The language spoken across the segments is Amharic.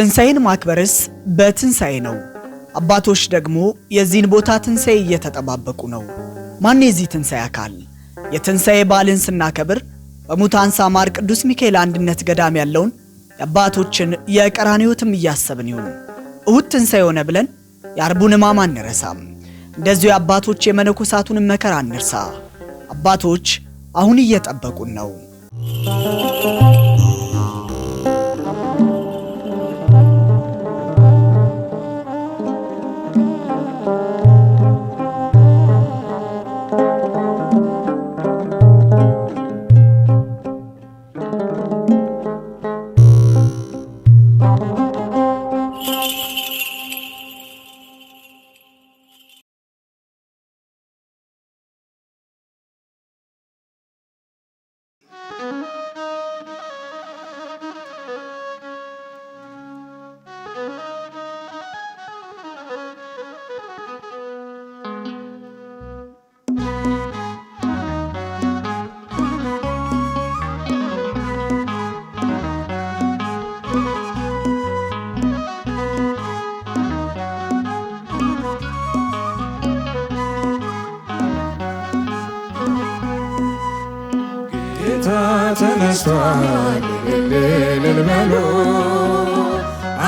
ትንሣኤን ማክበርስ በትንሣኤ ነው። አባቶች ደግሞ የዚህን ቦታ ትንሣኤ እየተጠባበቁ ነው። ማን የዚህ ትንሣኤ አካል? የትንሣኤ በዓልን ስናከብር በሙታን ሳማር ቅዱስ ሚካኤል አንድነት ገዳም ያለውን የአባቶችን የቀራንዮትም እያሰብን ይሁን። እሁድ ትንሣኤ ሆነ ብለን የአርቡን ሕማም አንረሳም። እንደዚሁ የአባቶች የመነኮሳቱን መከራ አንርሳ። አባቶች አሁን እየጠበቁን ነው። ከሙታ ተነስቷል፣ እልል በሉ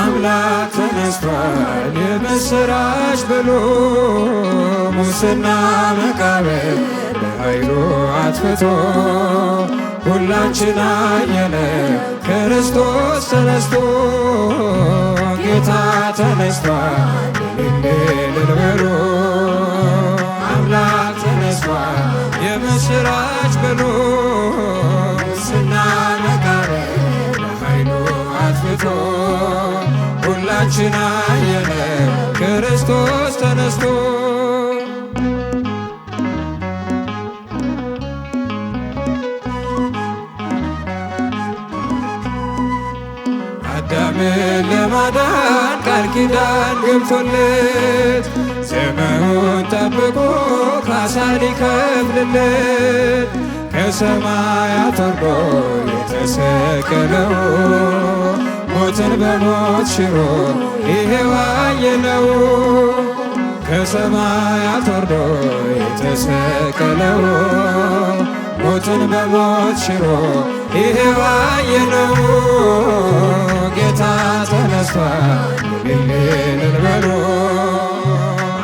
አምላክ ተነስቷል፣ የምስራች በሉ። ሙስና መቃብር በኃይሉ አጥፍቶ ሁላችን አየነ ክርስቶስ ተነስቶ ጌታ ተነስቷል፣ እልል በሉ አምላክ ተነስቷል፣ የምስራች በሉ ዓይኖቻችን አየነ ክርስቶስ ተነስቶ አዳምን ለማዳን ቃል ኪዳን ገብቶለት ዘመኑን ጠብቆ ካሳ ሊከፍልለት ከሰማያት ወርዶ የተሰቀለው ሞትን በሞት ሽሮ ይሄው የለው ከሰማያት ወርዶ የተሰቀለው ሞትን በሞት ሽሮ ይሄው የለው ጌታ ተነስቷል እልል በሉ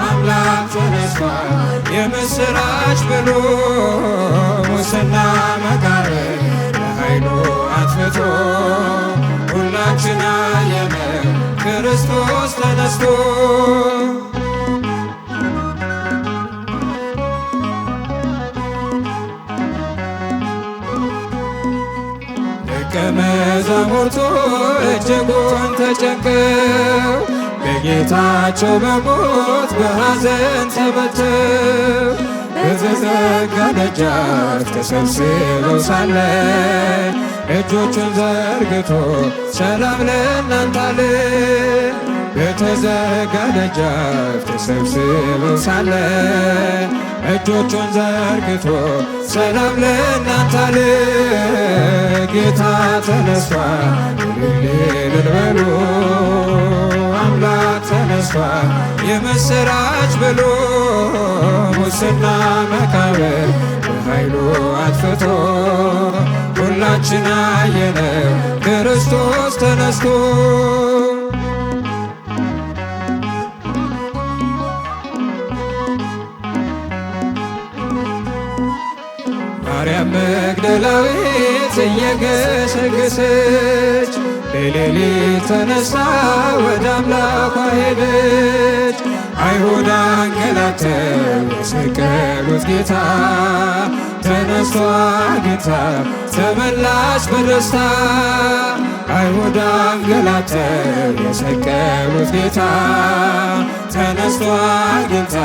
አምላክ ተነስቷል የምስራች በሉ ሙስና መቃብር ለኃይሉ አትፍቶ ሁላችን አለመ ክርስቶስ ተነስቶ ደቀ መዛሙርቱ እጅጉን ተጨንቀው በጌታቸው በሞት በሐዘን ተበተው በተዘጋ ደጃፍ ተሰብስበው ሳለ እጆቹን ዘርግቶ ሰላም ለእናንተ አለ። በተዘጋ ደጃፍ ተሰብስበው ሳለ እጆቹን ዘርግቶ ሰላም ለእናንተ አለ። ጌታ ተነሷል እልል አምላክ ተነስቷል የምስራች ብሎ ሙስና መቃብር በኃይሉ አጥፍቶ ሁላችን አየነው ክርስቶስ ተነስቶ ማርያም መግደላዊት እየገሰገሰች በሌሊት ተነሳ ወደ አምላኳ ሄደች። አይሁድ አንገላተው የሰቀሉት ጌታ ተነስቷል ጌታ ተመላሽ በደስታ አይሁድ አንገላተው የሰቀሉት ጌታ ተነስቷል ጌታ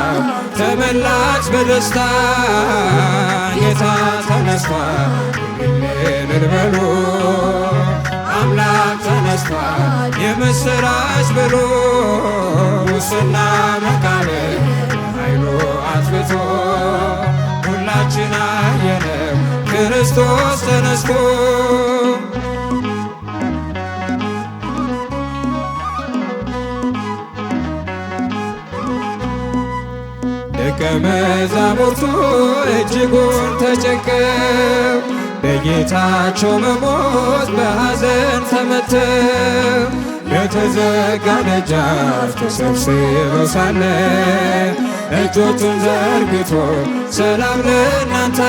ተመላሽ በደስታ ጌታ ተነስቷል ንልበሉ አምላክ ተነስቷል የምስራች ብሎ ሙስና መካ eres tú, eres tú. ደቀ መዛሙርቱ እጅጉን ተጨንቀው በጌታቸው መሞት በሐዘን ተመተው የተዘጋ ደጃፍ ተሰብስበው ሳለ እጆቹን ዘርግቶ ሰላም ለእናንተ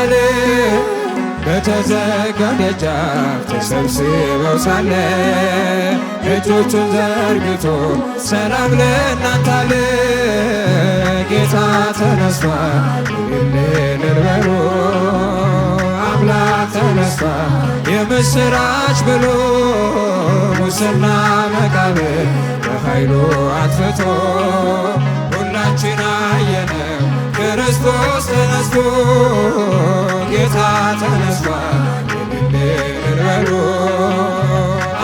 በተዘጋው ደጃፍ ተሰብስበው ሳለ እጆቹን ዘርግቶ ሰላም ለእናንተ አለ። ጌታ ተነስቷል እልል በሉ አምላክ ተነስቷል የምስራች ብሎ ሙስና መቃብር በኃይሉ አትፍቶ ሁላችን ክርስቶስ ተነስቶ ጌታ ተነስቷል፣ የምድር በሮ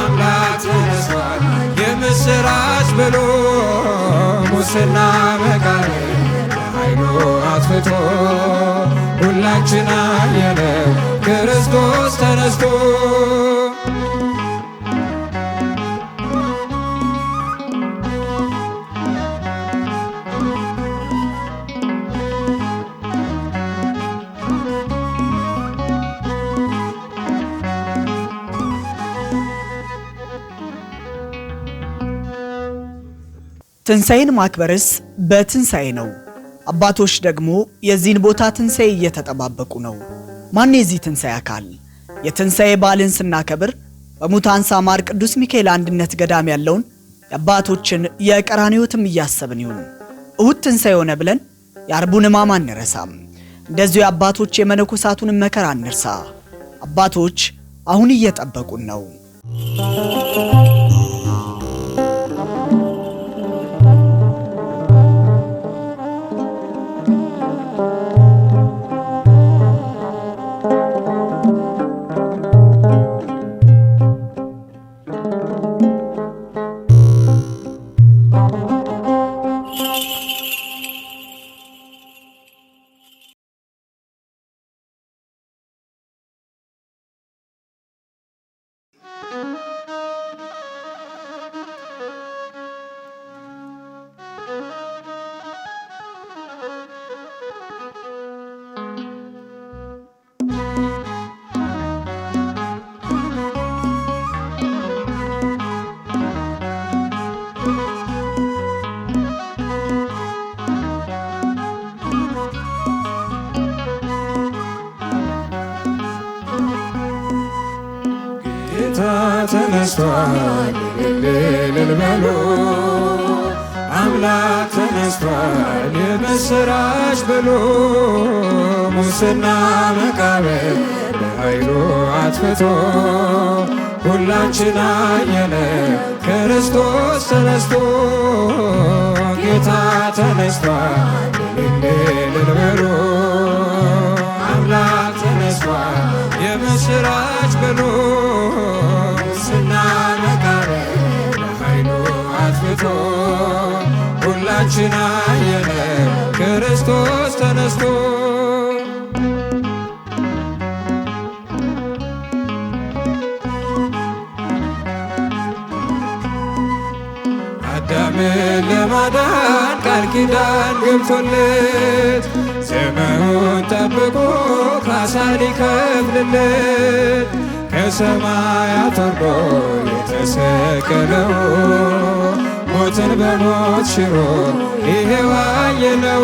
አምላክ ተነስቷል፣ የምስራች ብሎ ሙስና መቃር ኃይሉ አጥፍቶ ሁላችን አየነው ክርስቶስ ተነስቶ ትንሣኤን ማክበርስ በትንሣኤ ነው። አባቶች ደግሞ የዚህን ቦታ ትንሣኤ እየተጠባበቁ ነው። ማን የዚህ ትንሣኤ አካል? የትንሣኤ በዓልን ስናከብር በሙታን ሳማር ቅዱስ ሚካኤል አንድነት ገዳም ያለውን የአባቶችን የቀራንዮ ሕይወትም እያሰብን ይሁን። እሁድ ትንሣኤ ሆነ ብለን የአርቡን ሕማም አንረሳም። እንደዚሁ የአባቶች የመነኮሳቱን መከራ አንርሳ። አባቶች አሁን እየጠበቁን ነው። ተነስቷል፣ እልል በሉ አምላክ ተነስቷል፣ የምሥራች በሉ ሙስና መቃብር በኃይሉ አጥፍቶ ሁላችን አየነ ክርስቶስ ተነስቶ ጌታ ተነስቷል፣ እልል በሉ አምላክ ተነስቷል፣ የምሥራች በሉ ተኝቶ ሁላችን አየነ ክርስቶስ ተነስቶ አዳምን ለማዳን ቃል ኪዳን ገብቶለት ዘመኑን ጠብቆ ካሳ ሊከፍልለት ከሰማያት ወርዶ የተሰቀለው ሞትን በሞት ሽሮ ይሄው አየነው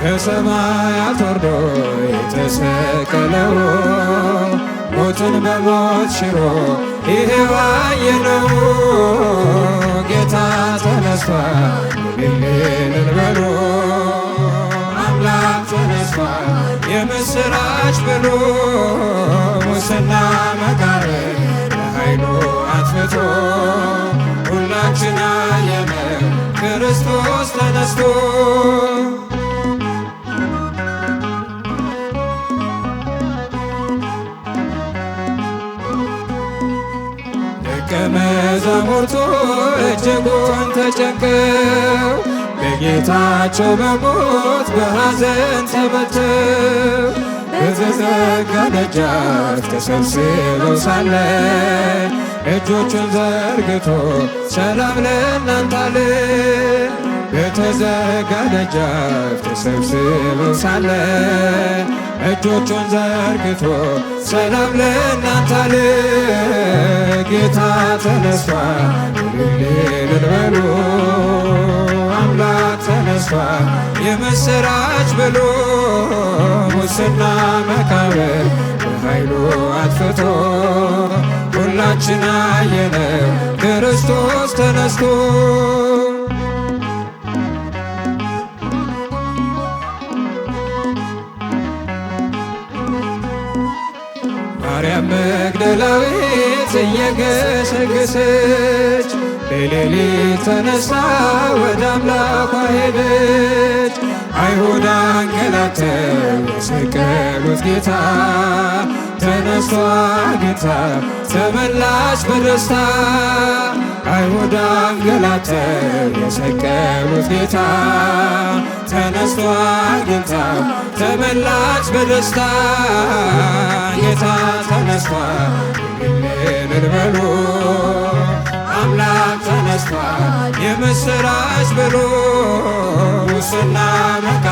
ከሰማያት ወርዶ የተሰቀለው ሞትን በሞት ሽሮ ይሄው አየነው ጌታ ተነስቷል እልል በሉ አምላክ ተነስቷል የምስራች በሉ ሙስና መቃረ ለኃይሉ አትፍቶ ሁላችን አየነው ክርስቶስ ተነስቶ ደቀ መዛሙርቱ እጅጉን ተጨንቀው በጌታቸው በሞት በሐዘን ተበተው በተዘጋ ደጃፍ ተሰብስበው ሳለ እጆቹን ዘርግቶ ሰላም ለእናንታል አለ። በተዘጋ ደጃፍ ሳለ እጆቹን ዘርግቶ ሰላም ለእናንታል ጌታ ተነስቷል እልል አምላክ ተነስቷል የምስራች ብሎ ሙስና መቃብር በኃይሉ አጥፍቶ ሁላችን አየነው ክርስቶስ ተነስቶ ማርያም መግደላዊት እየገሰገሰች በሌሊት ተነሳ ወደ አምላኳ ሄደች። አይሁድ አንገላተው የሰቀሉት ጌታ ተነስቷል ጌታ ተመላሽ በደስታ አይሁዳ አንገላተው የሰቀሉት ጌታ ተነስቷል ጌታ ተመላሽ በደስታ ጌታ ተነስቷል ንልበሉ አምላክ ተነስቷል የምስራች ብሎ ሙስና መካ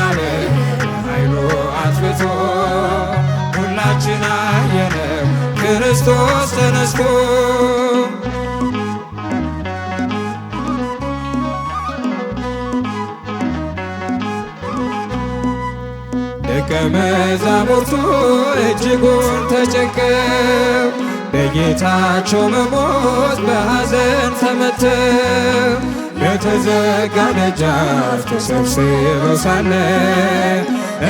ድናየነው ክርስቶስ ተነስቶ ደቀ መዛሙርቱ እጅጉን ተጨንቀው በጌታቸው መሞት በሐዘን ተመተው ለተዘጋ ደጃፍ ተሰብስበው ሳለ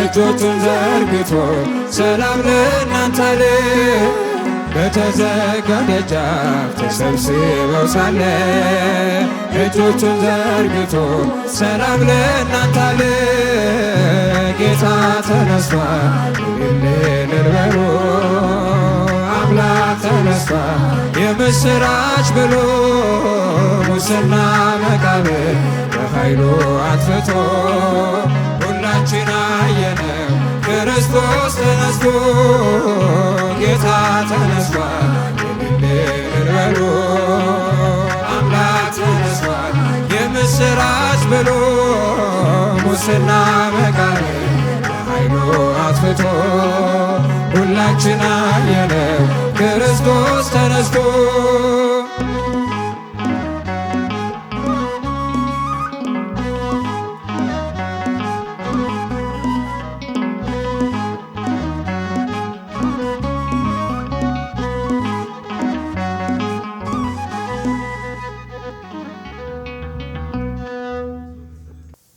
እጆቹን ዘርግቶ ሰላም ለእናንተ አለ። በተዘጋው ደጃፍ ተሰብስበው ሳለ እጆቹን ዘርግቶ ሰላም ለእናንተ አለ። ጌታ ተነስቷል እልል በሉ አምላክ ተነስቷል የምስራች ብሎ ሙስና መቃብር በኃይሉ አጥፍቶ አይናችን አየነው ክርስቶስ ተነስቶ ጌታ ተነስቷል የድል በሎ አምላክ ተነስቷል የምስራች ብሎ ሙስና መቃር ኃይሉ አጥፍቶ ሁላችን አየነው ክርስቶስ ተነስቶ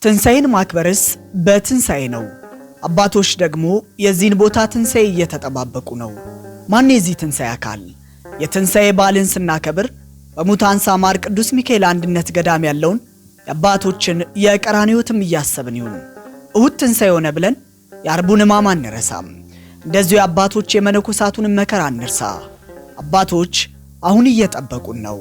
ትንሣኤን ማክበርስ በትንሣኤ ነው። አባቶች ደግሞ የዚህን ቦታ ትንሣኤ እየተጠባበቁ ነው። ማን የዚህ ትንሣኤ አካል? የትንሣኤ በዓልን ስናከብር በሙታን ሳማር ቅዱስ ሚካኤል አንድነት ገዳም ያለውን የአባቶችን የቀራንዮትም እያሰብን ይሁን። እሁድ ትንሣኤ ሆነ ብለን የአርቡን ሕማም አንረሳም። እንደዚሁ የአባቶች የመነኮሳቱን መከራ አንርሳ። አባቶች አሁን እየጠበቁን ነው።